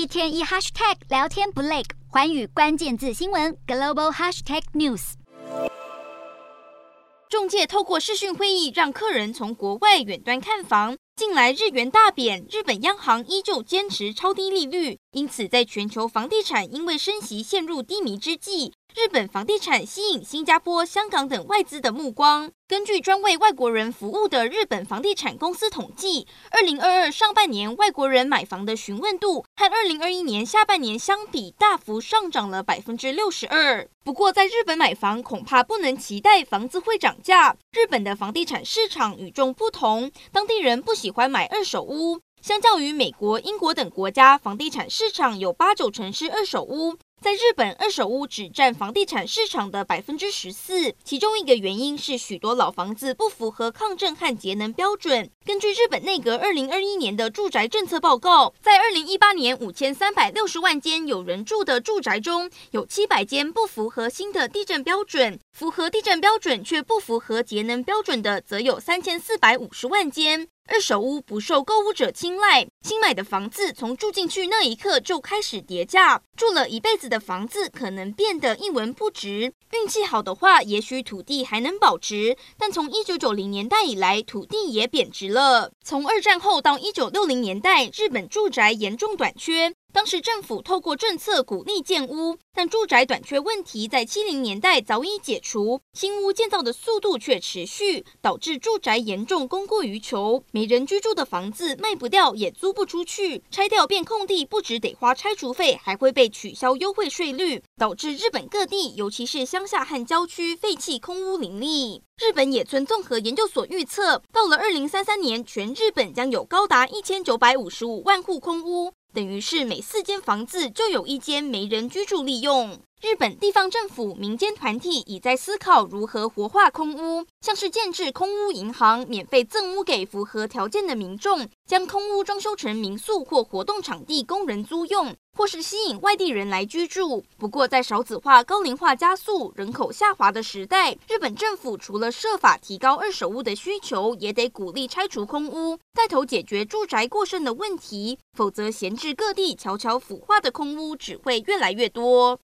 一天一 hashtag 聊天不累，寰宇關鍵字新聞 global hashtag news。中介透過視訊會議讓客人從國外遠端看房。近來日元大貶，日本央行依舊堅持超低利率，因此在全球房地產因為升息陷入低迷之際，日本房地產吸引新加坡、香港等外資的目光。根據專為外國人服務的日本房地產公司統計，二零二二上半年外國人買房的詢問度，和二零二一年下半年相比，大幅上漲了百分之六十二。不過，在日本買房恐怕不能期待房子會漲價。日本的房地產市場與眾不同，當地人不喜歡買二手屋。相較於美國、英國等國家，房地產市場有八九成是二手屋。在日本，二手屋只佔房地產市場的百分之十四。其中一個原因是許多老房子不符合抗震和節能標準。根據日本內閣二零二一年的住宅政策報告，在二零一八年五千三百六十萬間有人住的住宅中，有七百間不符合新的地震標準；符合地震標準卻不符合節能標準的，則有三千四百五十萬間。二手屋不受購物者青睞，新買的房子從住進去那一刻就開始跌價，住了一輩子的房子可能變得一文不值。運氣好的話，也許土地還能保值，但從一九九零年代以來，土地也貶值了。從二戰後到一九六零年代，日本住宅嚴重短缺。當時政府透過政策鼓勵建屋，但住宅短缺問題在七零年代早已解除，新屋建造的速度卻持續，導致住宅嚴重供過於求，沒人居住的房子賣不掉也租不出去，拆掉變空地，不只得花拆除費，還會被取消優惠稅率，導致日本各地，尤其是鄉下和郊區，廢棄空屋林立。日本野村綜合研究所預測，到了二零三三年，全日本將有高達一千九百五十五萬戶空屋。等於是每四間房子就有一間沒人居住利用。日本地方政府、民間團體已在思考如何活化空屋，像是建置空屋銀行，免費贈屋給符合條件的民眾，將空屋裝修成民宿或活動場地供人租用，或是吸引外地人來居住。不過，在少子化、高齡化加速、人口下滑的時代，日本政府除了設法提高二手屋的需求，也得鼓勵拆除空屋，帶頭解決住宅過剩的問題，否則閒置各地悄悄腐化的空屋只會越來越多。